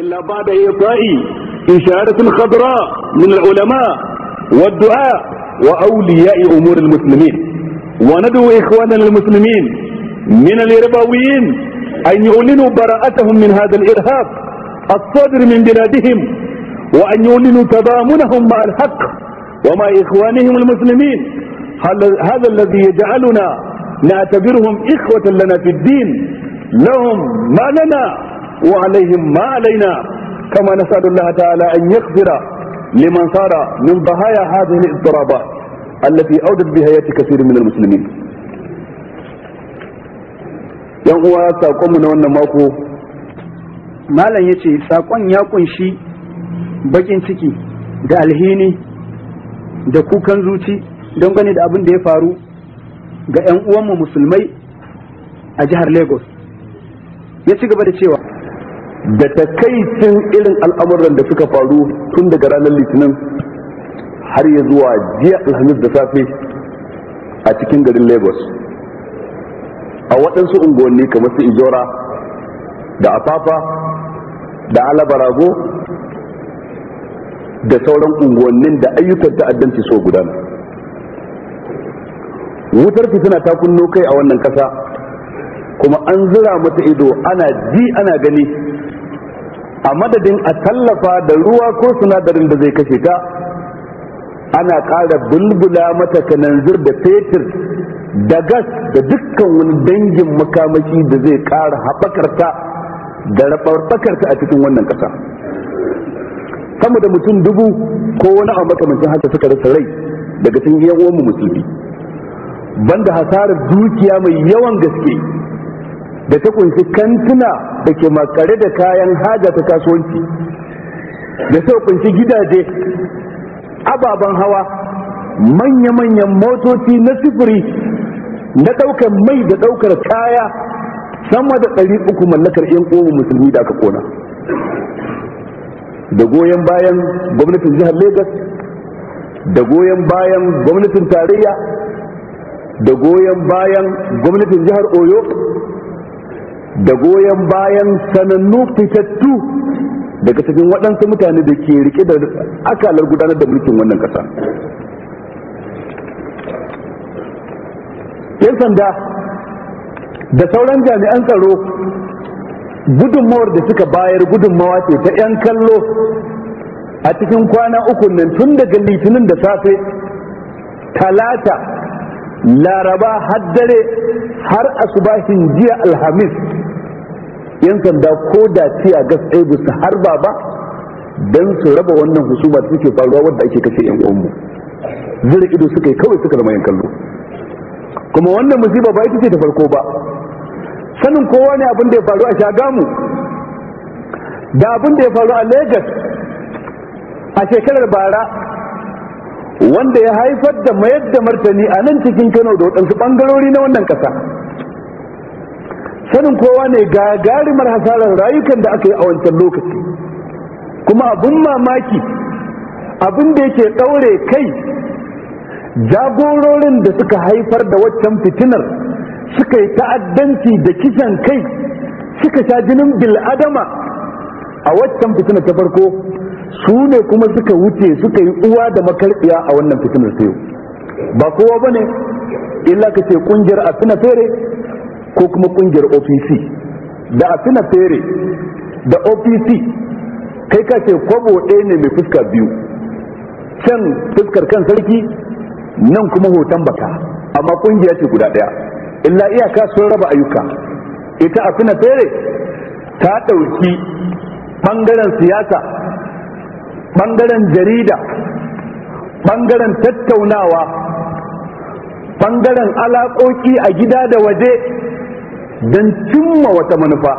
إلا بعد إيطاء إشارة خضراء من العلماء والدعاء وأولياء أمور المسلمين وندعو إخواننا المسلمين من الإرباويين أن يعلنوا براءتهم من هذا الإرهاب الصادر من بلادهم وأن يعلنوا تضامنهم مع الحق ومع إخوانهم المسلمين هذا الذي يجعلنا نعتبرهم إخوة لنا في الدين لهم ما لنا وعليهم ما علينا كما نسأل الله تعالى أن يغفر لمن صار من ضحايا هذه الاضطرابات التي أودت بهيئة كثير من المسلمين yan uwa saƙonmu na wannan mako malam ya ce saƙon ya ƙunshi baƙin ciki da alhini da kukan zuci don gani da abin da ya faru ga 'yan uwanmu musulmai a jihar lagos ya ci gaba da cewa da takaicin irin al'amuran da suka faru tun daga ranar litinin har ya zuwa jiya alhamis da safe a cikin garin lagos a waɗansu unguwanni kamar su ijora da afafa da alabarago da sauran unguwannin da ayyukan ta'addanci so gudana wutar fitina ta kunno kai a wannan ƙasa kuma an zira mata ido ana ji ana gani a madadin a tallafa da ruwa ko sinadarin da zai kashe ta ana ƙara bulbula mata kananzir da fetur da gas da dukkan wani dangin makamashi da zai ƙara haɓakarta da raɓarɓakarta a cikin wannan ƙasa sama da mutum dubu ko wani a makamancin haka suka rasa rai daga cikin yan uwanmu musulmi banda hasarar dukiya mai yawan gaske da ta kunshi kantuna da ke makare da kayan haja ta kasuwanci da ta kunshi gidaje ababen hawa manya-manyan motoci na sifiri na ɗaukar mai da ɗaukar kaya sama da ɗari uku mallakar 'yan ƙoma musulmi da aka kona da goyon bayan gwamnatin jihar lagos da goyon bayan gwamnatin tarayya da goyon bayan gwamnatin jihar oyo da goyon bayan sanannu fitattu daga cikin waɗansu mutane da ke rike da akalar gudanar da mulkin wannan ƙasa yan sanda da sauran jami'an tsaro gudunmawar da suka bayar gudunmawa ce ta 'yan kallo a cikin kwana ukun nan tun daga litinin da safe talata laraba haddare har asubahin jiya alhamis yan sanda ko da ciya gas ɗaya ba su harba ba dan su raba wannan husuma da suke faruwa wadda ake kashe yan uwanmu zira ido suka yi kawai suka zama yan kallo kuma wannan musiba ba ita ce ta farko ba sanin kowa ne abin da ya faru a shagamu da abin da ya faru a lagos a shekarar bara wanda ya haifar da mayar da martani a nan cikin kano da waɗansu ɓangarori na wannan ƙasa sanin kowa ne gagarumar hasarar rayukan da aka yi a wancan lokaci kuma abun mamaki abin da yake ɗaure kai jagororin da suka haifar da waccan fitinar suka yi ta'addanci da kisan kai suka sha jinin bil'adama a waccan fitinar ta farko su ne kuma suka wuce suka yi uwa da makarfiya a wannan fitinar ta ba kowa ba ne illa ka ce kungiyar a fere ko kuma kungiyar opc da a tuna fere da opc kai ka ce kwabo ɗaya ne mai fuska biyu can fuskar kan sarki nan kuma hoton baka amma kungiya ce guda ɗaya illa iyaka sun raba ayyuka ita a tuna fere ta ɗauki ɓangaren siyasa ɓangaren jarida ɓangaren tattaunawa ɓangaren alaƙoƙi a gida da waje don cimma wata manufa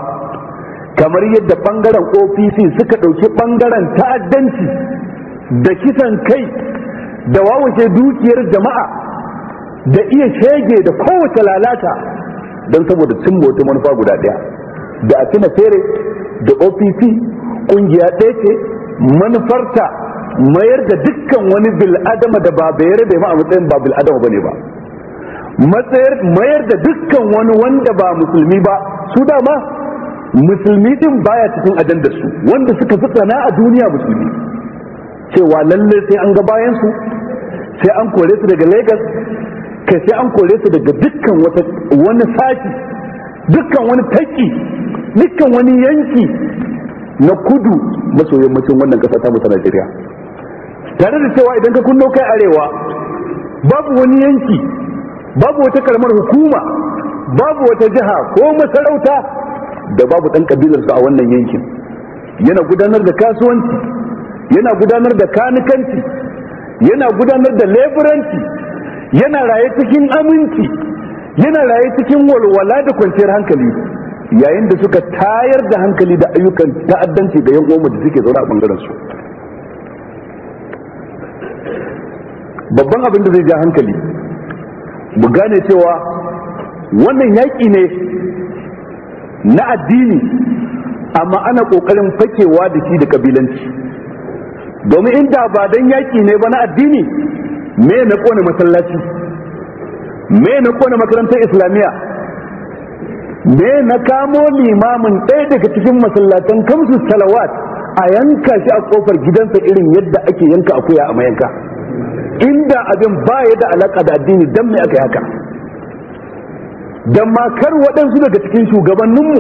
kamar yadda bangaren opc suka ɗauki bangaren ta'addanci da kisan kai da wawace dukiyar jama'a da iya shege da kowace lalata don saboda cimma wata manufa guda ɗaya da a tuna fere da opc ƙungiya ɗaya ce manufarta mayar da dukkan wani bil'adama da ba bayar da ma a matsayin ba bil'adama ba ne ba matsayar mayar da dukkan wani wanda ba musulmi ba su dama musulmi din baya cikin ajandar su wanda suka fi tsana a duniya musulmi cewa lalle sai an ga bayan su sai an kore su daga Lagos kai sai an kore su daga dukkan wata wani saki dukkan wani taki dukkan wani yanki na kudu maso yammacin wannan kasa ta musa Najeriya tare da cewa idan ka kunno kai arewa babu wani yanki babu wata karamar hukuma babu wata jiha ko masarauta da babu ɗan ƙabilarsa a wannan yankin yana gudanar da kasuwanci yana gudanar da kanikanci yana gudanar da leburanci yana raye cikin aminci yana raye cikin walwala da kwanciyar hankali yayin da suka tayar da hankali da ayyukan ta'addanci ga yan da suke zaune a bangaren su babban abin da zai ja hankali mu gane cewa wannan yaƙi ne na addini amma ana ƙoƙarin fakewa da shi da ƙabilanci domin inda ba dan yaƙi ne ba na addini me na ƙone masallaci me na ƙone makarantar islamiyya me na kamo limamin ɗaya daga cikin masallatan kamsu salawat a yanka shi a ƙofar gidansa irin yadda ake yanka akuya a mayanka da abin ba ya da alaka da addini don mai aka haka don makar waɗansu daga cikin shugabanninmu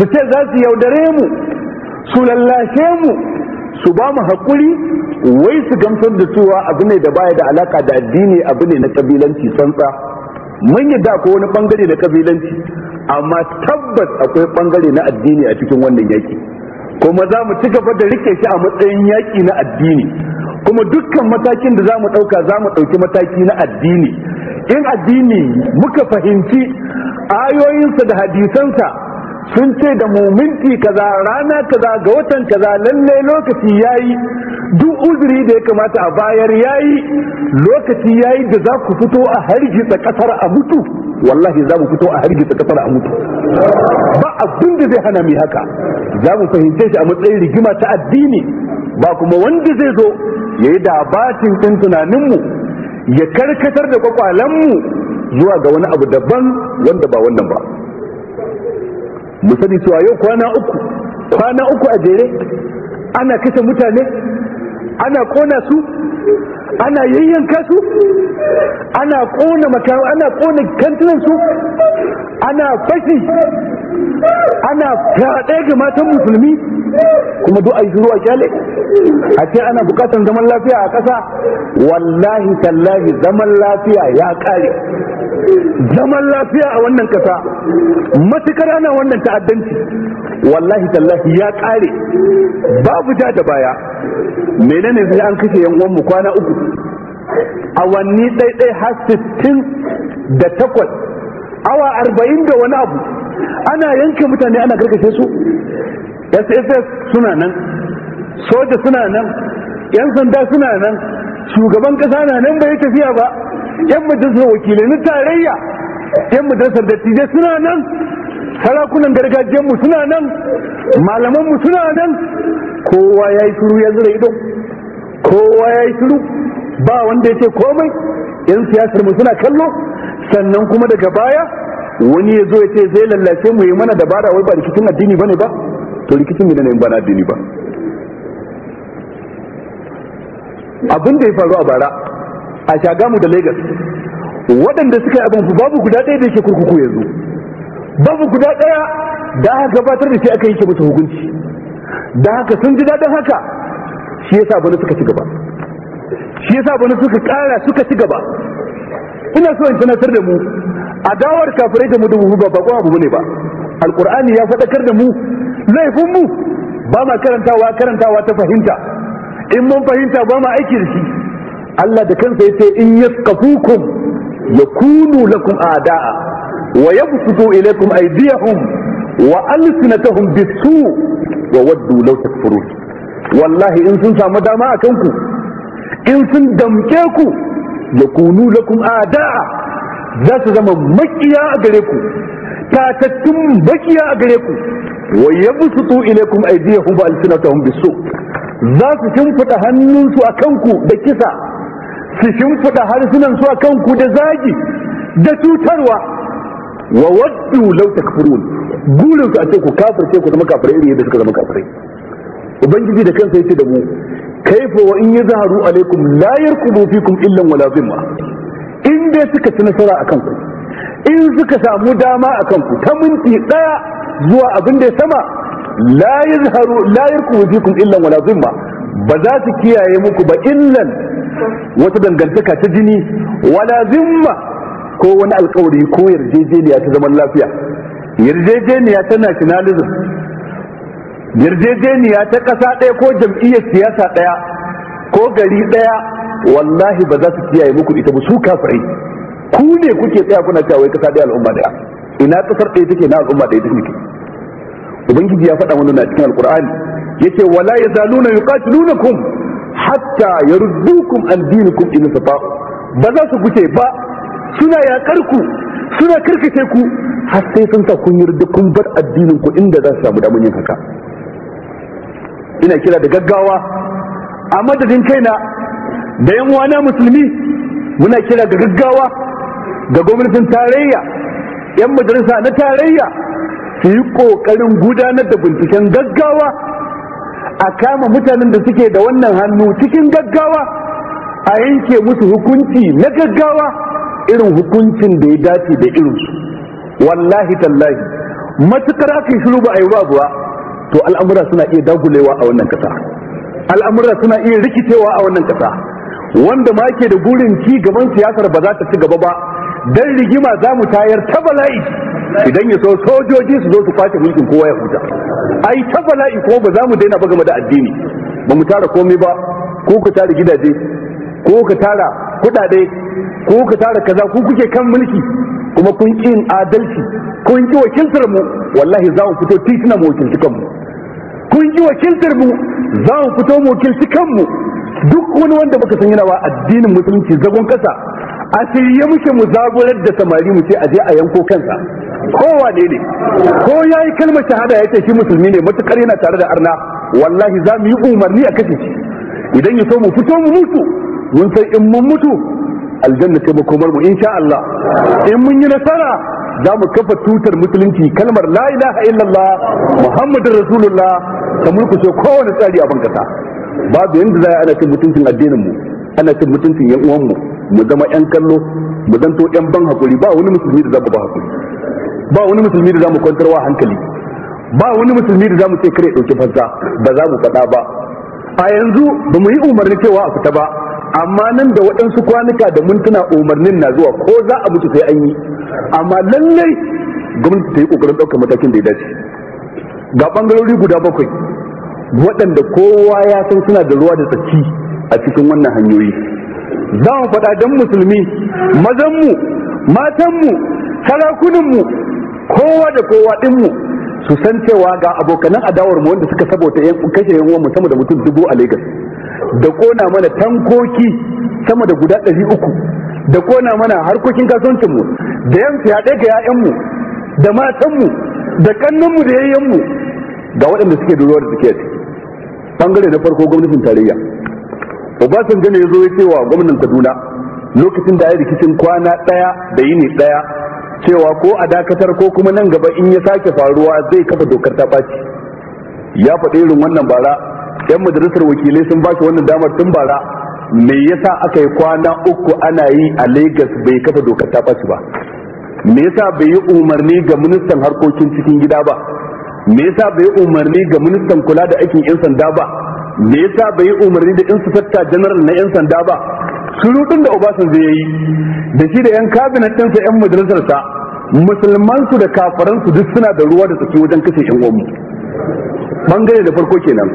su ce za su yaudare mu su lallashe mu su ba mu haƙuri wai su gamsar da cewa abu ne da baya da alaka da addini abu ne na kabilanci santsa mun yi da wani bangare na kabilanci amma tabbas akwai ɓangare na addini a cikin wannan yaki kuma za mu ci gaba da rike shi a matsayin yaki na addini kuma dukkan matakin da za mu ɗauka za mu ɗauki mataki na addini in addini muka fahimci ayoyinsa da hadisansa sun ce da muminti kaza rana kaza ga watan kaza lalle lokaci yayi duk uzuri da ya kamata a bayar yayi lokaci yayi da za ku fito a hargitsa kasar a mutu wallahi za mu fito a hargitsa kasar a mutu ba abin da zai hana mu haka za mu fahimce shi a matsayin rigima ta addini ba kuma wanda zai zo ya yi dabatin ɗin tunaninmu ya karkatar da kwakwalenmu zuwa ga wani abu daban wanda ba wannan ba mu sani yau kwana uku kwana uku a jere ana kashe mutane ana kona su ana yayyan kasu. ana kona makaru ana kona kantunan su ana fashi ana fyaɗe ga matan musulmi kuma duk ai shiru a kyale a ce ana bukatar zaman lafiya a ƙasa wallahi tallahi zaman lafiya ya ƙare zaman lafiya a wannan ƙasa matukar ana wannan ta'addanci wallahi tallahi ya ƙare babu ja da baya menene sai an kashe yan uwanmu kwana uku awanni ɗaiɗai har sittin da takwas awa arba'in da wani abu ana yanke mutane ana karkashe su sss suna nan soja suna nan yan sanda suna nan shugaban kasa na nan bai tafiya ba yan majalisar wakilai na tarayya yan majalisar dattijai suna nan sarakunan gargajiyanmu suna nan malamanmu suna nan kowa ya yi shuru ya zura ido kowa ya yi shuru ba wanda ya ce komai yan siyasar mu suna kallo sannan kuma daga baya wani ya zo ya ce zai lallace mu yi mana dabara wai ba rikicin addini bane ba to rikicin mu ne ba na addini ba abin da ya faru a bara a shagamu da lagos waɗanda suka yi abin babu guda ɗaya da yake kurkuku yanzu babu guda ɗaya da aka gabatar da shi aka yi ke musu hukunci da haka sun ji daɗin haka shi yasa bani suka ci gaba shi yasa bani suka ƙara suka ci gaba ina so in sanatar da mu adawar kafirai da mu da mu ba bakon abu ne ba alqur'ani ya faɗakar da mu laifin mu ba ma karantawa karantawa ta fahimta in mun fahimta ba ma aiki da shi Allah da kansa yace in yaskafukum yakunu lakum a'da'a wa yabsutu ilaykum aydiyahum wa alsinatahum bisu wa waddu law takfurun wallahi in sun samu dama a kanku in sun damke ku yakunu lakum ada'a za su zama makiya a gare ku tatattun bakiya a gare ku wa yabsutu ilaykum aydiyahum wa alsinatahum bisu za su shimfida hannunsu a kanku da kisa su shimfida harsunan su a kanku da zagi da cutarwa wa waddu law takfurun gurin su a ce ku kafirce ku zama kafirai iri yadda suka zama kafirai ubangiji da kansa yace da mu kaifa wa in yazharu alaikum la yarkubu fikum illa wala zimma in dai suka ci nasara akan ku in suka samu dama akan ku ta minti daya zuwa abin da ya sama la yazharu la yarkubu fikum illa wala zimma ba za su kiyaye muku ba illan wata dangantaka ta jini wala zimma ko wani alkawari ko yarjejeniya ta zaman lafiya yarjejeniya ta nationalism yarjejeniya ta ƙasa ɗaya ko jam'iyyar siyasa ɗaya ko gari ɗaya wallahi ba za su kiyaye muku ita ba su kafirai ku ne kuke tsaya kuna cewa wai ƙasa ɗaya al'umma ɗaya ina ƙasar ɗaya take na al'umma ɗaya take ubangiji ya faɗa wannan a cikin alqur'ani yace wala yazaluna yuqatilunakum hatta yurdukum an dinikum in safa ba za su guce ba suna yakar ku suna karkace ku har sai sun sa kun yarda kun bar addinin ku inda za su samu damar yin haka ina kira da gaggawa a madadin kaina da yan uwana musulmi muna kira ga gaggawa ga gwamnatin tarayya yan majalisa na tarayya su yi kokarin gudanar da binciken gaggawa a kama mutanen da suke da wannan hannu cikin gaggawa a yanke musu hukunci na gaggawa irin hukuncin da ya dace da irinsu wallahi tallahi matukar ake shiru ba a yi babu to al'amura suna iya dagulewa a wannan kasa al'amura suna iya rikicewa a wannan kasa wanda ma ke da burin ci gaban siyasar ba za ta ci gaba ba dan rigima za mu tayar ta bala'i idan ya so sojoji su zo su kwace mulkin kowa ya huta ai ta bala'i ko ba za mu daina ba game da addini ba mu tara komai ba ko ka tara gidaje ko ka tara kudade ko ka tara kaza ko kuke kan mulki kuma kun ƙin adalci kun ƙi wakiltar mu wallahi za mu fito titina mu wakilci kanmu kun ƙi wakiltar mu za mu fito mu wakilci kanmu duk wani wanda baka san yana wa addinin musulunci zagon kasa a shirye muke mu zagorar da samari mu ce a je a yanko kansa kowa ne ne ko ya yi kalmar shahada ya ce shi musulmi ne matukar yana tare da arna wallahi za mu yi umarni a kashe shi idan ya so mu fito mu mutu mun san in mun mutu aljanna ce makomar mu insha Allah in mun yi nasara za mu kafa tutar musulunci kalmar la ilaha illallah muhammadur rasulullah ta mulkushe kowane tsari a bankasa babu yanda za a ana cin mutuncin addinin mu ana cin mutuncin yan uwan mu mu zama yan kallo mu zanto yan ban hakuri ba wani musulmi da za mu ba hakuri ba wani musulmi da za mu kwantar wa hankali ba wani musulmi da za mu ce kare dauki fansa ba za mu faɗa ba a yanzu ba mu yi umarni cewa a fita ba amma nan da waɗansu kwanuka da mintuna umarnin na zuwa ko za a mutu sai an yi amma lallai gwamnati ta yi ƙoƙarin ɗaukar matakin da ya dace ga ɓangarori guda bakwai waɗanda kowa ya san suna da ruwa da tsaki a cikin wannan hanyoyi za mu faɗa don musulmi mazanmu matanmu sarakuninmu kowa da kowa ɗinmu su san cewa ga abokanan adawarmu wanda suka sabota kashe yan uwan sama da mutum dubu a Legas. da kona mana tankoki sama da guda ɗari uku da kona mana harkokin kasuwancinmu da ya fiyaɗe ga 'ya'yanmu da matanmu da kannanmu da yayyanmu ga waɗanda suke da da suke ciki bangare na farko gwamnatin tarayya obasanjo ne ya zo ya cewa gwamnan kaduna lokacin da ya rikicin kwana ɗaya da yini ɗaya cewa ko a dakatar ko kuma nan gaba in ya sake faruwa zai kafa dokar ta ɓaci ya faɗi irin wannan bara yan majalisar wakilai sun bashi wannan damar tun bara me yasa aka yi kwana uku ana yi a Lagos bai kafa dokar ta ɓaci ba me yasa bai yi umarni ga ministan harkokin cikin gida ba me yasa bai yi umarni ga ministan kula da aikin yan sanda ba me yasa bai yi umarni da tatta general na yan sanda ba surutun da Obasan zai yi da shi da yan kabinet ɗinsa yan majalisarsa musulmansu da kafaransu duk suna da ruwa da tsaki wajen kashe yan uwanmu bangare da farko kenan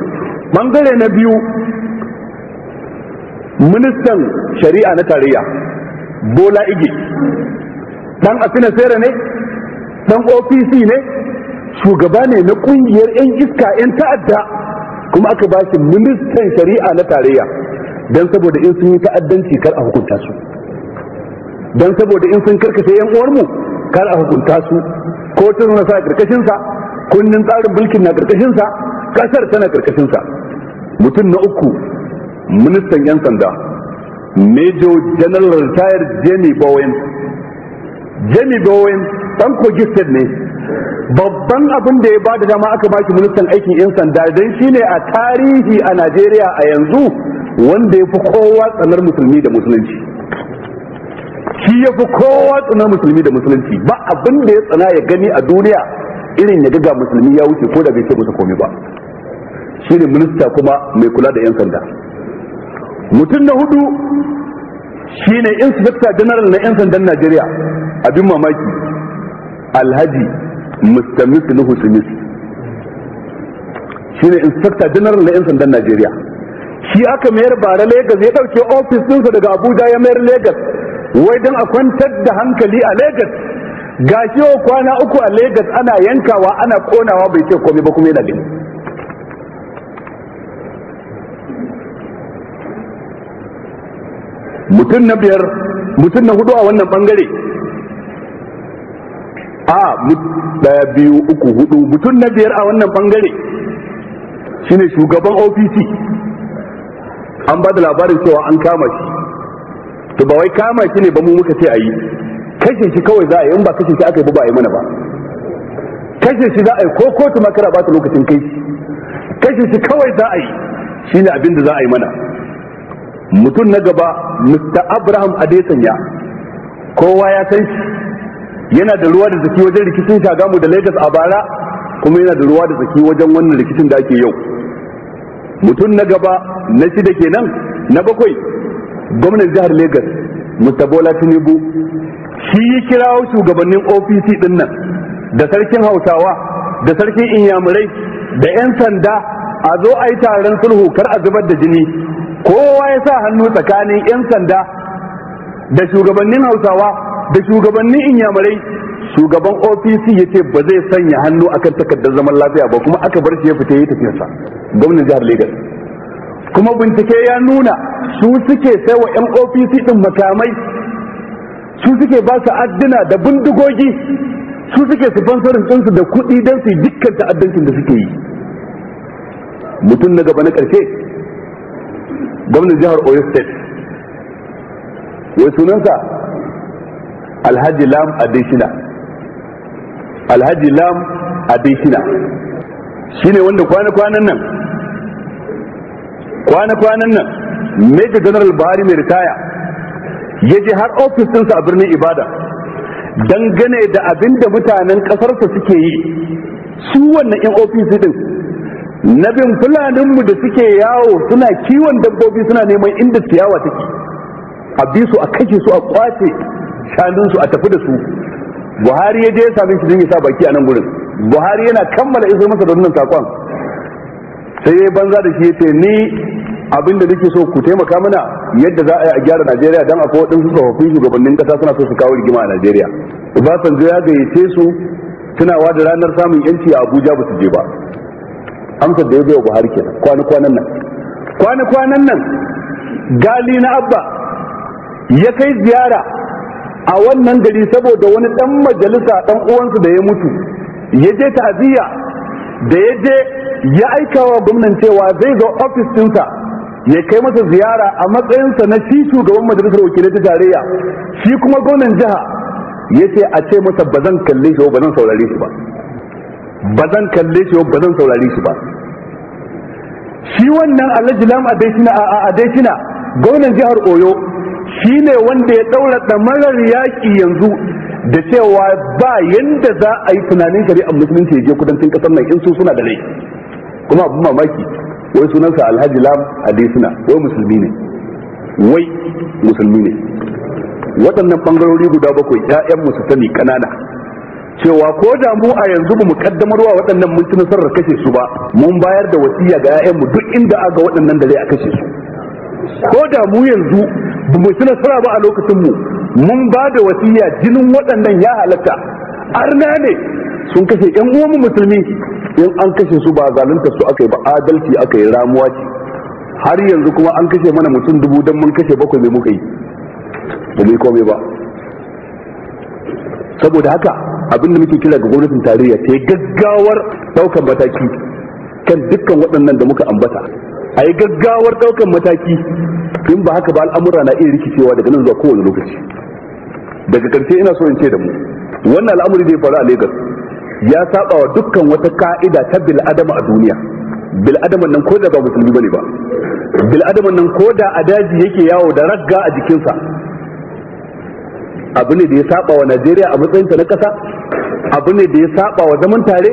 bangare na biyu ministan shari'a na tarayya bola ige dan afina sera ne dan ofisi ne shugaba ne na kungiyar 'yan iska 'yan ta'adda kuma aka ba shi ministan shari'a na tarayya don saboda in sun yi ta'addanci kar a hukunta su don saboda in sun karkashe 'yan uwarmu kar a hukunta su ko na sa ƙarƙashinsa, kunnin tsarin mulkin na ƙarƙashinsa. kasar tana karkashinsa mutum na uku ministan 'yan sanda major general retired jamie bowen jamie bowen dan kogi ne babban abin da ya ba da dama aka ba shi ministan aikin 'yan sanda don shine a tarihi a najeriya a yanzu wanda ya fi kowa tsanar musulmi da musulunci shi ya fi kowa tsanar musulmi da musulunci ba abin da ya tsana ya gani a duniya irin ya ga musulmi ya wuce ko da bai ce musu komai ba shine minista kuma mai kula da 'yan sanda mutum na hudu shine inspector general na 'yan sandan najeriya abin mamaki alhaji mustamis nuhu Shi shine inspector general na 'yan sandan najeriya shi aka mayar bara Legas ya dauke ofis dinsa daga abuja ya mayar Legas. wai don a kwantar da hankali a Legas. gashi kwana uku a Legas ana yankawa ana konawa bai ce komai ba kuma yana gani mutum na biyar mutum na hudu a wannan bangare a daya biyu uku hudu mutum na biyar a wannan bangare shine shugaban opc an ba da labarin cewa an kama shi to ba wai kama shi ne ba mu muka ce a yi kashe shi kawai za a yi in ba kashe shi aka yi ba yi mana ba kashe shi za a yi ko kotu makara ba ta lokacin kai shi kashe shi kawai za a yi shine abin da za a yi mana mutum na gaba Mr. Abraham Adesanya kowa ya san shi yana da ruwa da zaki wajen rikicin Shagamu da Lagos a bara kuma yana da ruwa da zaki wajen wannan rikicin da ake yau mutum na gaba na shida kenan na bakwai gwamnan jihar Lagos Mr. Bola Tinubu shi ya kirawo shugabannin OPC din nan da sarkin Hausawa da sarkin Inyamurai da 'yan sanda a zo a yi taron sulhu kar a zubar da jini kowa ya sa hannu tsakanin 'yan sanda da shugabannin hausawa da shugabannin inyamurai shugaban opc ya ce ba zai sanya hannu akan takardar zaman lafiya ba kuma aka bar shi ya fita yi tafiyarsa gwamnan jihar Legas. kuma bincike ya nuna su suke sai wa 'yan opc din makamai su suke ba su adduna da bindigogi su suke sponsorin ɗinsu da kuɗi don su yi dukkan ta'addancin da suke yi mutum na gaba na ƙarshe gwamnan jihar oyo state wai sunansa alhaji lam adishina alhaji lam adeshina shine wanda kwana-kwanan nan kwana-kwanan nan major general buhari mai ritaya ya je har ofis ɗinsa a birnin ibada dangane da abin da mutanen ƙasarsa suke yi su wannan in ofis ɗin. na bin fulaninmu da suke yawo suna kiwon dabbobi suna neman inda ciyawa take a bi su a kashe su a kwace shanunsu a tafi da su buhari ya je ya sami shi don ya sa baki a nan gurin buhari yana kammala isar masa da wannan sakon sai ya banza da shi ya ce ni abinda nake so ku taimaka mana yadda za a yi a gyara najeriya don akwai waɗansu tsofaffin shugabannin ƙasa suna so su kawo rigima a najeriya obasanjo ya gayyace su tunawa da ranar samun yanci a abuja ba su je ba amsar da ya bai buhari kenan kwana kwanan nan nan gali na abba ya kai ziyara a wannan gari saboda wani dan majalisa dan uwansu da ya mutu ya je ta'aziyya da ya je ya aika wa gwamnan cewa zai zo ofis dinsa ya kai masa ziyara a matsayinsa na shi shugaban majalisar wakilai ta tarayya shi kuma gwamnan jiha ya ce a ce masa ba zan kalle shi ba zan saurare shi ba ba zan kalle shi ba zan saurare shi ba shi wannan alhaji lam adaishina a adaishina gwamnan jihar oyo shi ne wanda ya daura marar yaƙi yanzu da cewa ba yanda za a yi tunanin shari'ar musulunci ya je kudancin ƙasar nan in su suna da rai. kuma abin mamaki wai sunansa alhaji lam suna wai musulmi ne wai musulmi ne waɗannan ɓangarori guda bakwai 'ya'yan musulmi kanana cewa ko da mu a yanzu ba mu wa waɗannan mun ci sarar kashe su ba mun bayar da wasiya ga 'ya'yanmu duk inda ga waɗannan da zai a kashe su ko da mu yanzu mu ci nasara ba a lokacin mu mun ba da wasiya jinin waɗannan ya halatta arna ne sun kashe ƴan uwanmu musulmi in an kashe su ba zalunta su aka yi ba adalci aka yi ramuwa ce har yanzu kuma an kashe mana mutum dubu don mun kashe bakwai mai muka yi komai ba saboda haka abin da muke kira ga gwamnatin tarayya ta yi gaggawar daukan mataki kan dukkan waɗannan da muka ambata a yi gaggawar daukan mataki in ba haka ba al'amura na iya rikicewa daga nan zuwa kowane lokaci daga karshe ina so in ce da mu wannan al'amuri da ya faru a Lagos ya saba wa dukkan wata ka'ida ta bil adama a duniya bil nan ko da ba musulmi bane ba bil adaman nan ko da a daji yake yawo da ragga a jikinsa abu ne da ya saba wa Najeriya a matsayinta na ƙasa abu ne da ya saba wa zaman tare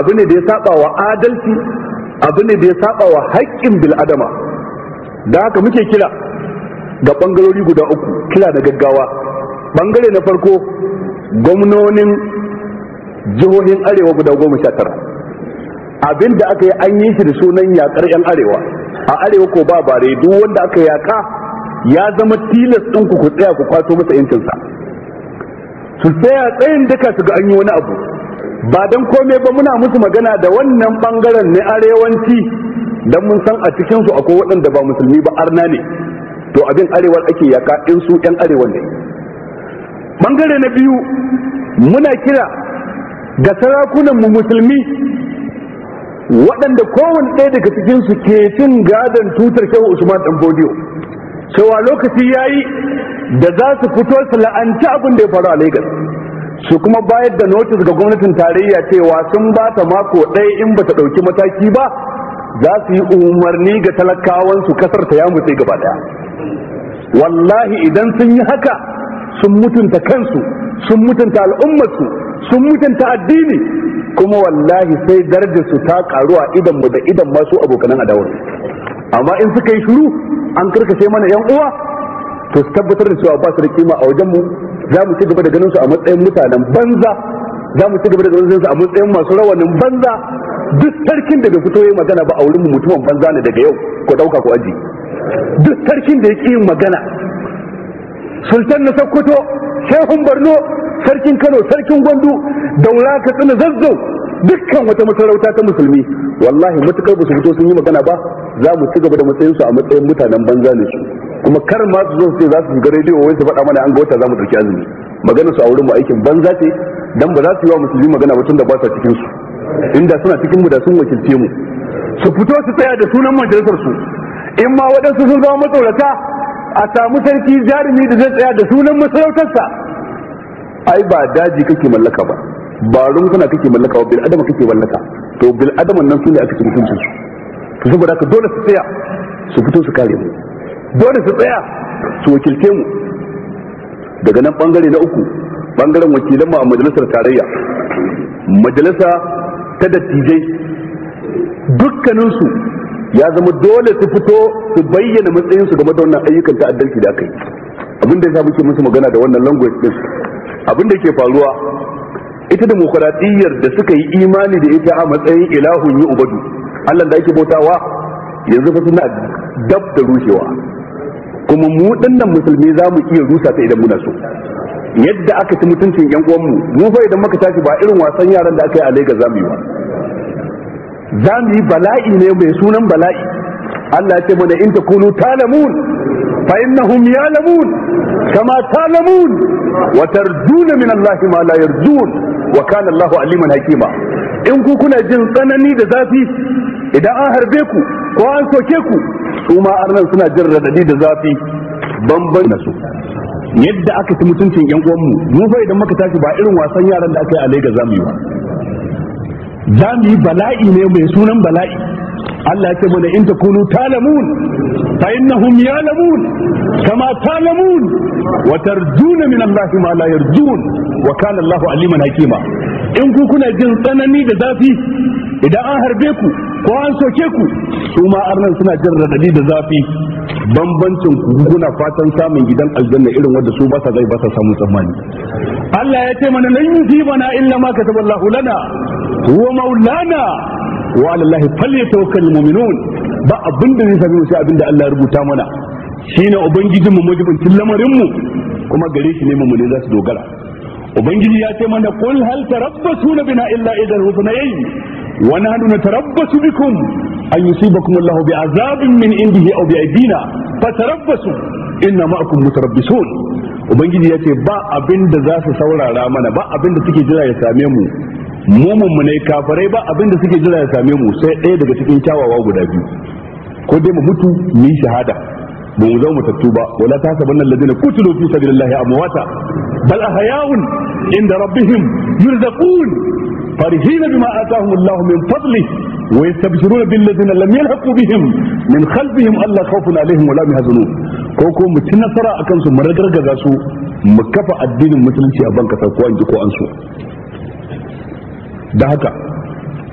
abu ne da ya saba wa adalci abu ne da ya saba wa haƙƙin bil'adama da haka muke kila, ga ɓangarori guda uku kila da gaggawa ɓangare na farko gwamnonin jihohin arewa guda goma sha tara abin da aka yi an yi shi da sunan yaƙar 'yan arewa a arewa ko ba bare duk wanda aka yaƙa ya zama tilas ɗin ku ku tsaya ku kwato masa yancinsa su tsaya tsayin duka su ga an yi wani abu ba don komai ba muna musu magana da wannan bangaren na arewanci don mun san a cikinsu akwai waɗanda ba musulmi ba arna ne to abin arewar ake yaka in su yan arewan ne bangare na biyu muna kira ga sarakunan mu musulmi waɗanda kowane ɗaya daga cikinsu ke cin gadon tutar shehu usman dan bodiyo cewa lokaci ya yi da za su fito su la'anci abin da ya faru a Legas su kuma bayar da notis ga gwamnatin tarayya cewa sun ba ta mako ɗaya in ba ta ɗauki mataki ba za su yi umarni ga talakawansu kasar ta ya mutse gaba ɗaya wallahi idan sun yi haka sun mutunta kansu sun mutunta al'ummarsu sun mutunta addini kuma wallahi sai darajarsu ta karu a idan mu da idan masu abokanan adawar amma in suka yi shiru an karkace mana yan uwa to su tabbatar da cewa ba su da kima a wajenmu za mu ci gaba da ganin su a matsayin mutanen banza za mu ci gaba da ganin su a matsayin masu rawanin banza duk sarkin da bai fito yayin magana ba a wurin mu mutumin banza ne daga yau ko dauka ko aji duk sarkin da yake yin magana sultan na sokoto shehun Barno, sarkin kano sarkin gwandu daula katsina zazzau dukkan wata masarauta ta musulmi wallahi matukar ba su fito sun yi magana ba za mu ci gaba da matsayinsu a matsayin mutanen banza ne su kuma kar ma su zo su za su ga rediyo wai su faɗa mana an ga wata za mu ɗauki azumi magana su a wurin mu aikin banza ce dan ba za su yi wa musulmi magana ba tun da ba sa cikin su inda suna cikin mu da sun wakilce mu su fito su tsaya da sunan majalisar su in ma waɗansu sun zama matsaurata a samu sarki jarumi da zai tsaya da sunan masarautarsa ai ba daji kake mallaka ba ba runguna kake mallaka ba bil adama kake mallaka to bil adam nan sune aka cikin mutuncin su to saboda ka dole su tsaya su fito su kare mu dole su tsaya su wakilce mu daga nan bangare na uku bangaren wakilan mu a majalisar tarayya majalisa ta dattijai dukkanin su ya zama dole su fito su bayyana matsayin su game da wannan ayyukan ta'addanci da aka yi abin da ya muke musu magana da wannan language din abin da ke faruwa ita demokuraɗiyyar da suka yi imani da ita a matsayin ilahun yi ubadu allah da ake bautawa yanzu fa suna dab da rushewa kuma mu dinnan musulmi za mu iya rusa ta idan muna so yadda aka ci mutuncin yan uwanmu mu fa idan muka tashi ba irin wasan yaran da aka yi a Lagos za mu yi ba za yi bala'i ne mai sunan bala'i Allah ce mana in takunu talamun fa innahum ya'lamun kama talamun wa tarjuna min Allah ma la yarjun wa kana Allahu aliman hakima in ku kuna jin tsanani da zafi idan an harbe ku ko an soke ku su ma arnan suna jin radadi da zafi bamban na su yadda aka ci mutuncin yan uwanmu mu fa idan muka tashi ba irin wasan yaran da aka yi a Lagos zamu yi ba zamu yi bala'i ne mai sunan bala'i Allah ya ce mana in takunu talamun fa innahum ya'lamun kama talamun wa tarjuna min Allah ma la yarjun wa kana Allah aliman hakima in ku kuna jin tsanani da zafi idan an harbe ku ko an soke ku su ma arnan suna jin radadi da zafi bambancin ku kuna fatan samun gidan aljanna irin wanda su ba sa zai ba sa samu tsammani Allah ya ce mana lan yusibana illa ma kataballahu lana huwa maulana wa alallahi falyatawakkalul mu'minun ba abin da zai sami sai abin da Allah ya rubuta mana shine ubangijinmu majibincin lamarin mu kuma gare shi ne mu ne za su dogara ubangiji ya ce mana kul hal tarabbasuna bina illa idan husnayn wa nahnu natarabbasu bikum an yusibakum Allahu bi'azabin min indihi aw bi'aydina fatarabbasu inna ma'akum mutarabbisun ubangiji ya ce ba abin da za su saurara mana ba abin da suke jira ya same mu mu mummunai kafirai ba abin da suke jira ya same mu sai ɗaya daga cikin kyawawa guda biyu ko dai mu mutu mu yi shahada ba mu zama matattu ba wala ta haka bannan ladina kutulu fi sabilillahi amwata bal ahya'un inda rabbihim yurzaqun farihina bima atahum Allah min fadlihi wa yastabshiruna bil ladina lam yalhaqu bihim min khalfihim alla khawfun alaihim wa la ko ko mu ci nasara akan su mu ragargaza su mu kafa addinin musulunci a banka ko an ji ko an so da haka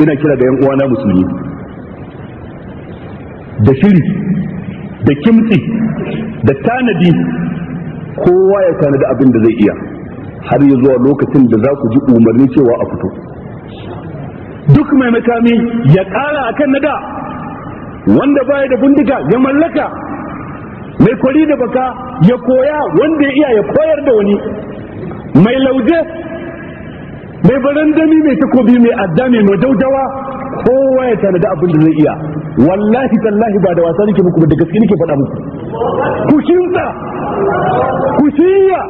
ina kira ga 'yan uwana musulmi da shiri da kimtsi da tanadi kowa ya da abin da zai iya har ya zuwa lokacin da za ku ji umarni cewa a fito duk mai makami ya kara akan na da wanda baya da bindiga ya mallaka mai kwari da baka ya koya wanda ya iya ya koyar da wani mai lauje mai barandami mai takobi mai adda mai majaujawa kowa ya tanada abin da zai iya wallahi tallahi ba da wasa nake muku ba da gaske nake faɗa muku ku shinta ku shiya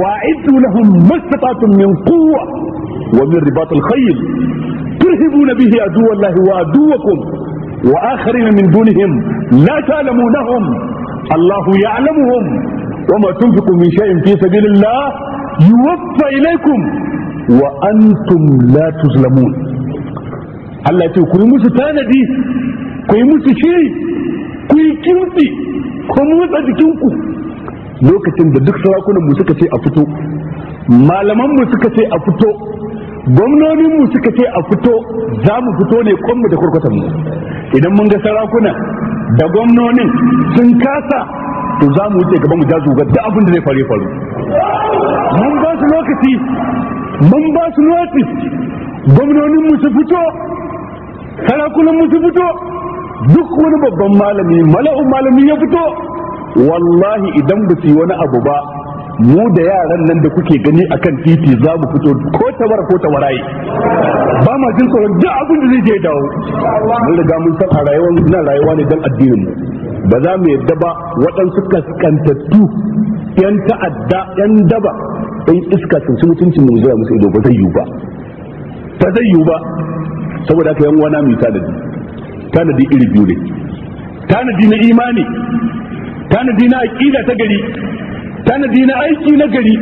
wa'iddu lahum mastata'tum min quwwa wa min ribat al-khayl turhibuna bihi adu wallahi wa aduwakum wa akharina min dunihim la ta'lamunahum الله يعلمهم وما تنفقوا من شيء في سبيل الله يوفى إليكم wa antum la tuzlamun Allah ce ku yi musu tanadi ku yi musu shiri ku yi kimbi ku motsa jikinku lokacin da duk sarakunan mu suka ce a fito malaman mu suka ce a fito gwamnonin mu suka ce a fito za mu fito ne mu da kurkutan mu idan mun ga sarakuna da gwamnonin sun kasa to za mu wuce gaban mu jazu ga duk abin da zai faru faru mun ba su lokaci mun ba su notis gwamnoninmu musu fito sarakunanmu musu fito duk wani babban malami mala'un malami ya fito wallahi idan ba su wani abu ba mu da yaran nan da kuke gani akan titi za mu fito ko tawar ko yi. ba ma jin tsoron duk abin da zai je dawo mun riga mun san a mu na rayuwa ne dan addinin mu ba za mu yadda ba waɗansu kaskantattu yan ta'adda yan daba ɗan iska sun ci mutuncin mu zuwa musu ido ba zai yiwu ba ba zai yiwu ba saboda haka yan uwana mu tanadi tanadi iri biyu ne tanadi na imani tanadi na aqida ta gari tanadi na aiki na gari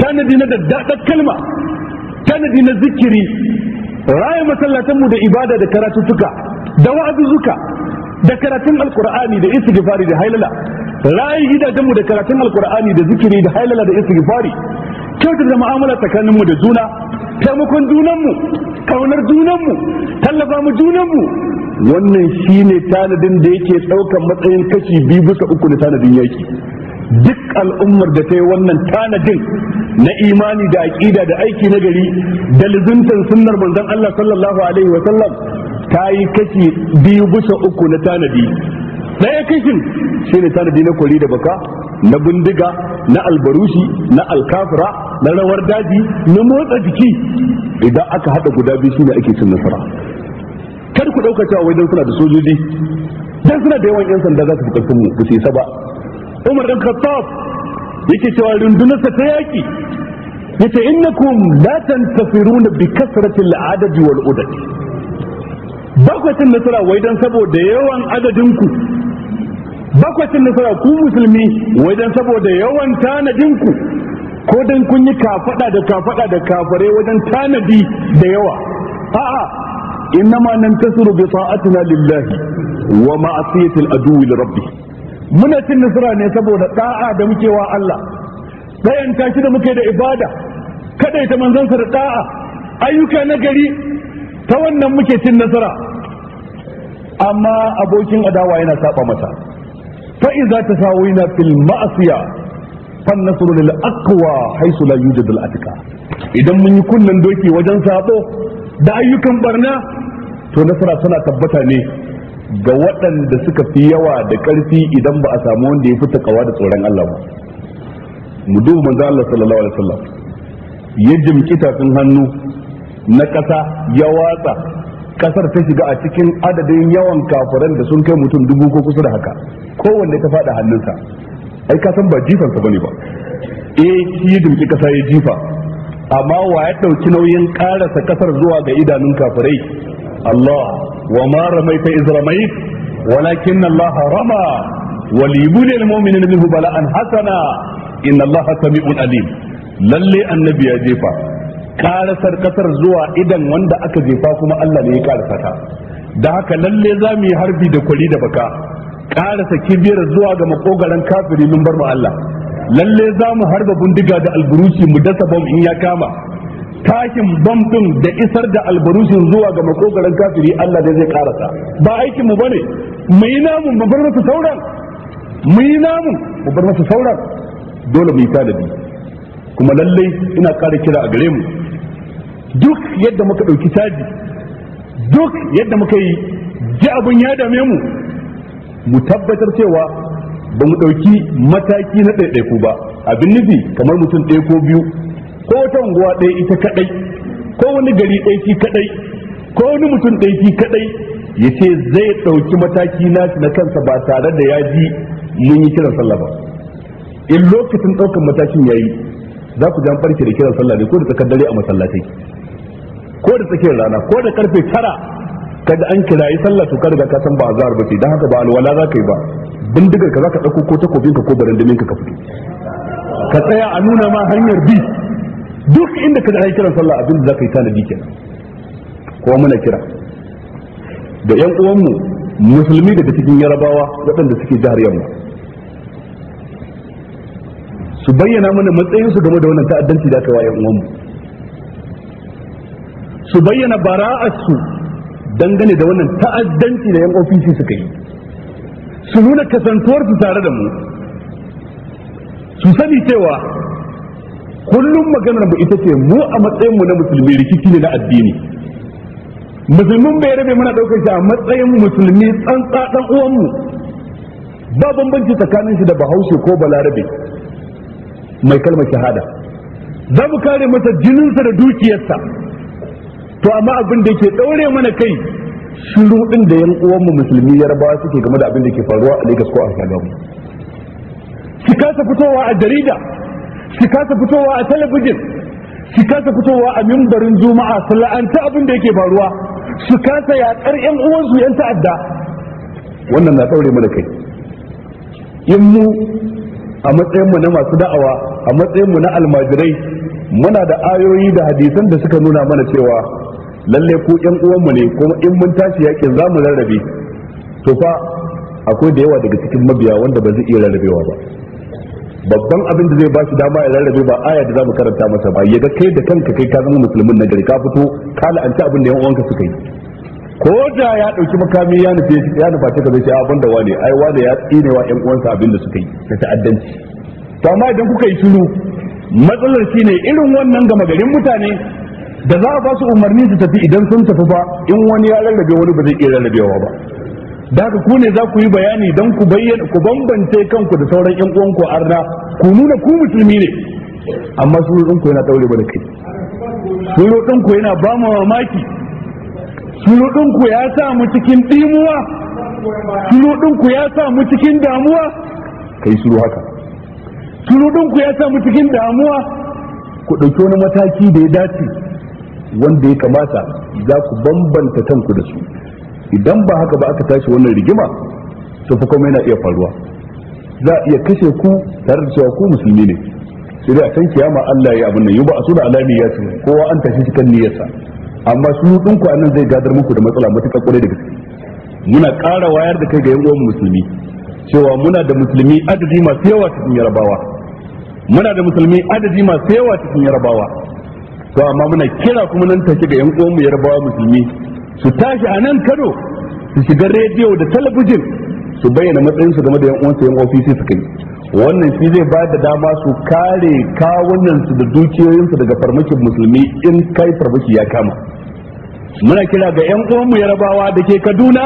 tanadi na daddadar kalma tanadi na zikiri raya masallatanmu da ibada da karatuttuka da wa'azuzuka da karatun alkur'ani da istighfari da hailala rayi gidajen mu da karatun alkur'ani da zikiri da hailala da istighfari kyautar da mu'amala tsakanin mu da juna taimakon junan mu kaunar junan mu tallafa mu junan mu wannan shine tanadin da yake daukan matsayin kashi biyu bisa uku na tanadin yaki duk al'ummar da ta yi wannan tanadin na imani da aƙida da aiki na gari da lizuntan sunnar manzon Allah sallallahu alaihi wa sallam ta yi kashi biyu bisa uku na tanadi ɗaya kashin shi ne tanadi na kwari da baka na bindiga na albarushi na alkafura, na rawar daji na motsa jiki idan aka haɗa guda biyu shi ne ake cin nasara kar ku ɗauka cewa wai dan suna da sojoji don suna da yawan 'yan sanda za su fi mu ba su isa ba umar dan khattab yake cewa rundunarsa ta yaƙi yace innakum la tantafiruna bi kasrati al-adad wal udad ba ku cin nasara wai don saboda yawan adadin ku bakwacin nasara ku musulmi wajen saboda yawan tanadinku ko dan kun yi kafada da kafada da kafare wajen tanadi da yawa a'a innama nan tasuru bi sa'atina lillahi wa ma'asiyatil adu li rabbi muna cin nasara ne saboda da'a da muke wa Allah dayan tashi da muke da ibada kada ta manzansa da da'a ayyuka na gari ta wannan muke cin nasara amma abokin adawa yana saba masa فإذا تساوينا في المعصية فالنصر للأقوى حيث لا يوجد idan mun yi kunnen doki wajen سابو da ayyukan barna to nasara tana tabbata ne ga waɗanda suka fi yawa da ƙarfi idan ba a samu wanda ya fi takawa da tsoron Allah ba mu duba manzo Allah sallallahu alaihi wasallam ya jimki tafin hannu na ƙasa ya watsa kasar ta shiga a cikin adadin yawan kafiran da sun kai mutum dubu ko kusa da haka kowanne ta faɗi hannunsa ai ka san ba jifansa bane ba eh shi dinki kasa ya jifa amma wa ya dauki nauyin karasa kasar zuwa ga idanun kafirai Allah wa ma ramaita iz ramait walakin Allah rama wa almu'minina minhu bala'an hasana inna Allah sami'un alim lalle annabi ya jefa karasar kasar zuwa idan wanda aka jefa kuma Allah ne ya karasa ta da haka lalle za mu yi harbi da kwali da baka karasa kibiyar zuwa ga makogaran kafiri mun bar mu Allah lalle za mu harba bindiga da alburushi mu dasa bom in ya kama tashin bom din da isar da alburushin zuwa ga makogaran kafiri Allah ne zai karasa ba aikin mu bane mu yi namu mu bar musu sauran mu yi namu mu bar musu sauran dole mu yi kuma lallai ina ƙara kira a gare mu duk yadda muka ɗauki caji duk yadda muka yi ji abin ya dame mu mu tabbatar cewa ba mu ɗauki mataki na ɗaiɗaiku ba abin nufi kamar mutum ɗaya ko biyu ko wata unguwa ɗaya ita kaɗai ko wani gari ɗaya shi kaɗai ko wani mutum ɗaya shi kaɗai ya ce zai ɗauki mataki na na kansa ba tare da ya ji mun yi kiran sallah ba in lokacin ɗaukan matakin ya yi za ku an barke da kiran sallah ne ko da tsakar dare a masallatai ko da tsakiyar rana ko da karfe tara kada an kirayi sallah to ka riga ka san ba azhar ba ce don haka ba alwala za ka yi ba bindigar ka za ka ɗauko ko takobin ka ko barandamin ka ka fito ka tsaya a nuna ma hanyar bi duk inda ka ai kiran sallah abin da za ka yi tanadi kenan ko muna kira da yan uwanmu musulmi daga cikin yarabawa waɗanda suke jihar yamma su bayyana mana matsayinsu game da wannan ta'addanci da aka wa yan uwanmu su bayyana bara'arsu dangane da wannan ta'addanci da yan ofisi suka yi su nuna kasantuwarsu tare da mu su sani cewa kullum maganar mu ita ce mu a matsayin mu na musulmi rikici ne na addini musulmin bai rabe muna daukar shi a matsayin musulmi tsantsa dan uwan mu ba bambanci tsakanin shi da bahaushe ko balarabe mai kalmar shahada za mu kare masa jininsa da dukiyarsa to amma abin da ke daure mana kai shiru din da yan uwan mu musulmi yarbawa suke game da abin da ke faruwa a Lagos ko a Sagamu su kasa fitowa a jarida su kasa fitowa a talabijin su kasa fitowa a mimbarin juma'a su la'anta abin da yake faruwa su kasa yaƙar yan su yan ta'adda wannan na daure mana kai in mu a matsayinmu na masu da'awa a matsayinmu na almajirai muna da ayoyi da hadisan da suka nuna mana cewa lalle ko yan uwanmu ne kuma in mun tashi yakin za mu rarrabe to fa akwai da yawa daga cikin mabiya wanda ba zai iya rarrabewa ba babban abin da zai ba shi dama ya rarrabe ba aya da za mu karanta masa ba ya ga kai da kanka kai ka zama musulmin na gari ka fito ka la'anta abin da yan uwanka suka yi ko da ya dauki makami ya nufi ya nufa ta ka zai ce abin da wane ai wane ya tsinewa yan uwansa abin da suka yi ta ta'addanci to amma idan kuka yi shiru matsalar shine irin wannan gama garin mutane da za a ba su umarni su tafi idan sun tafi ba in wani ya rarrabe wani ba zai iya rarrabewa ba da haka ku ne za ku yi bayani don ku bayyana ku bambance kanku da sauran yan uwanku arna ku nuna ku musulmi ne amma su ku yana ɗaure ba da kai su ku yana ba mamaki su ku ya sa mu cikin ɗimuwa su ku ya sa mu cikin damuwa kai suru haka su ku ya sa mu cikin damuwa ku dauki wani mataki da ya dace wanda ya kamata za ku bambanta tanku da su idan ba haka ba aka tashi wannan rigima to fa kuma yana iya faruwa za a iya kashe ku tare da cewa ku musulmi ne sai dai a san kiyama Allah ya abin nan yau ba a so da alami ya ce kowa an tashi cikin niyyarsa amma su dinku ku anan zai gadar muku da matsala matuƙa kwarai da gaske muna ƙara wayar da kai ga yan uwan musulmi cewa muna da musulmi adadi masu yawa cikin yarabawa muna da musulmi adadi masu yawa cikin yarabawa to amma muna kira kuma nan take ga yan uwan mu yarbawa musulmi su tashi a nan Kano su shiga rediyo da talabijin su bayyana matsayin su game da yan uwan su yan ofisi su kai wannan shi zai bada dama su kare kawunan su da dukiyoyin su daga farmakin musulmi in kai farmaki ya kama muna kira ga yan uwan mu yarbawa da ke Kaduna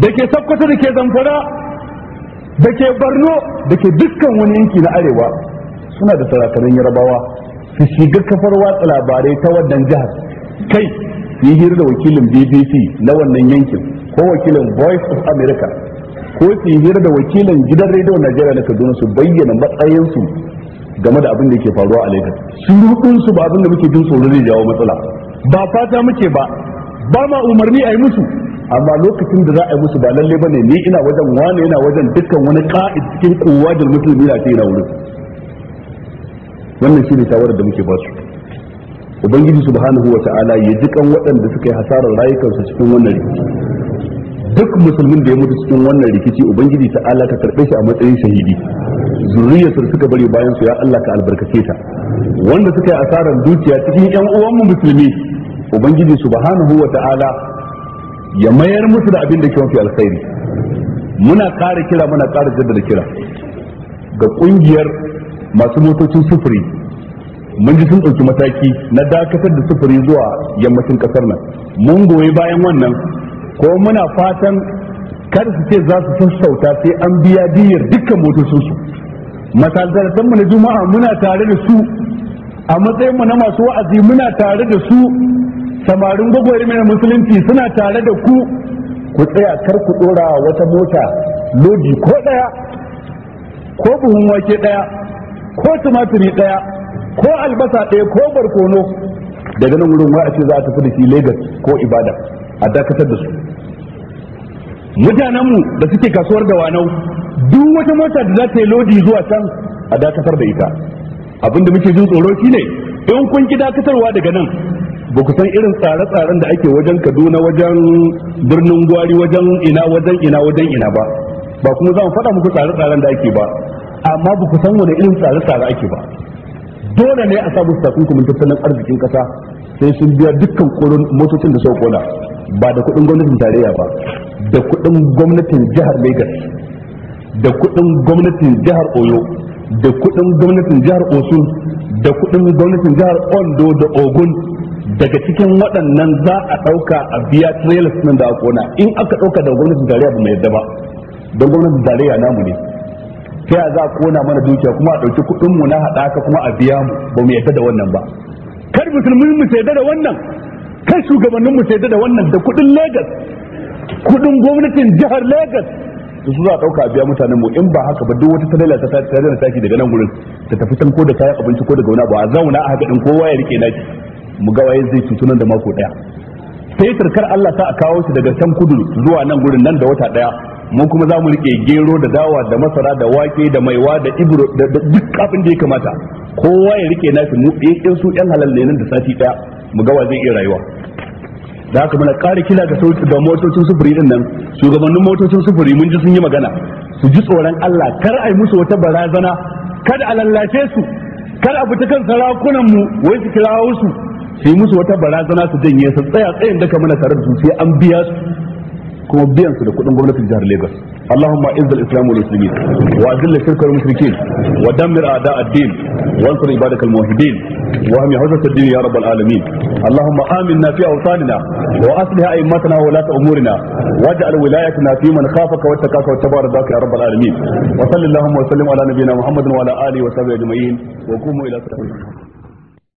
da ke Sokoto da ke Zamfara da ke Borno da ke dukkan wani yanki na arewa suna da tarakarin yarabawa su shiga kafar watsa labarai ta wannan jihar kai yi hira da wakilin bbc na wannan yankin ko wakilin voice of america ko su yi hira da wakilin gidan rediyon najeriya na kaduna su bayyana matsayinsu game da abin da ke faruwa a lagos surutun su ba abin da muke jin tsoro zai jawo matsala ba fata muke ba ba ma umarni a yi musu amma lokacin da za a yi musu ba lalle ba ne ni ina wajen wani yana wajen dukkan wani ka'id cikin kowa da mutum ina ce ina wurin wannan shi ne shawarar da muke ba su ubangiji subhanahu wa ta'ala ya jikan waɗanda suka yi hasarar rayukansu cikin wannan rikici duk musulmin da ya mutu cikin wannan rikici ubangiji ta'ala ka karɓe shi a matsayin shahidi zuriyarsa suka bari bayan su ya Allah ka albarkace ta wanda suka yi asarar dukiya cikin ƴan uwanmu musulmi ubangiji subhanahu wa ta'ala ya mayar musu da abin da ke mafi alkhairi muna ƙara kira muna ƙara jaddada kira ga ƙungiyar masu motocin sufuri mun ji sun ɗauki mataki na dakatar da sufuri zuwa yammacin ƙasar nan mun goyi bayan wannan ko muna fatan kar su ce za su sassauta sai an biya diyar dukkan motocinsu masaltarsanmu na juma'a muna tare da su a matsayin mu na masu wa'azi muna tare da su samarin gwagwarmayar musulunci suna tare da ku ku tsaya kar ku dora wata mota lodi ko daya ko buhun wake daya ko tumatiri daya ko albasa daya ko barkono daga nan wurin a ce za a tafi da shi Lagos ko Ibadan a dakatar da su mutanenmu da suke kasuwar da wanau duk wata mota da za ta yi lodi zuwa can a dakatar da ita abinda muke jin tsoro shine in kun ki dakatarwa daga nan ba ku san irin tsare-tsaren da ake wajen Kaduna wajen birnin Gwari wajen ina wajen ina wajen ina ba ba kuma za mu faɗa muku tsare-tsaren da ake ba amma ba ku san wani irin tsare-tsare ake ba dole ne a samu takunkumin tattalin arzikin kasa sai sun biya dukkan koron motocin da suka kona ba da kuɗin gwamnatin tarayya ba da kuɗin gwamnatin jihar lagos da kuɗin gwamnatin jihar oyo da kuɗin gwamnatin jihar osun da kuɗin gwamnatin jihar ondo da ogun daga cikin waɗannan za a ɗauka a biya trailers nan da a kona in aka ɗauka da gwamnatin tarayya ba mai yadda ba don gwamnatin tarayya namu ne ta ya za a kona mana dukiya kuma a ɗauki kuɗin mu na haɗaka kuma a biya mu ba mu yarda da wannan ba kar musulmi mu yarda da wannan kar shugabannin mu yarda da wannan da kuɗin Lagos kuɗin gwamnatin jihar Lagos da su za a ɗauka a biya mutanen mu in ba haka ba duk wata sanala ta ta da taki daga nan gurin ta tafi can ko da kayan abinci ko daga wani ba a zauna a haka ɗin kowa ya rike naki mu ga waye zai cutu nan da mako ɗaya? sai tarkar Allah ta a kawo shi daga can kudu zuwa nan gurin nan da wata ɗaya. mu kuma za mu rike gero da dawa da masara da wake da maiwa da ibro da duk abin da ya kamata kowa ya rike nafi mu in su yan halal ne nan da sati ɗaya, mu ga wa zai iya rayuwa da haka muna ƙara kila ga da motocin sufuri din nan shugabannin motocin sufuri mun ji sun yi magana su ji tsoron Allah kar a yi musu wata barazana kada a lallace su kar a fita kan sarakunan mu wai su kirawo su su yi musu wata barazana su janye su tsaya tsayin daka mana tare da su sai an biya su kuma biyan su da kuɗin gwamnatin jihar Lagos اللهم اعز الاسلام والمسلمين واذل الشرك والمشركين ودمر اعداء الدين وانصر عبادك الموحدين وهم حجة الدين يا رب العالمين اللهم امنا في اوطاننا واصلح ائمتنا وولاة امورنا واجعل ولايتنا في من خافك واتقاك واتبع رضاك يا رب العالمين وصل اللهم وسلم على نبينا محمد وعلى اله وصحبه اجمعين وقوموا الى صلاتكم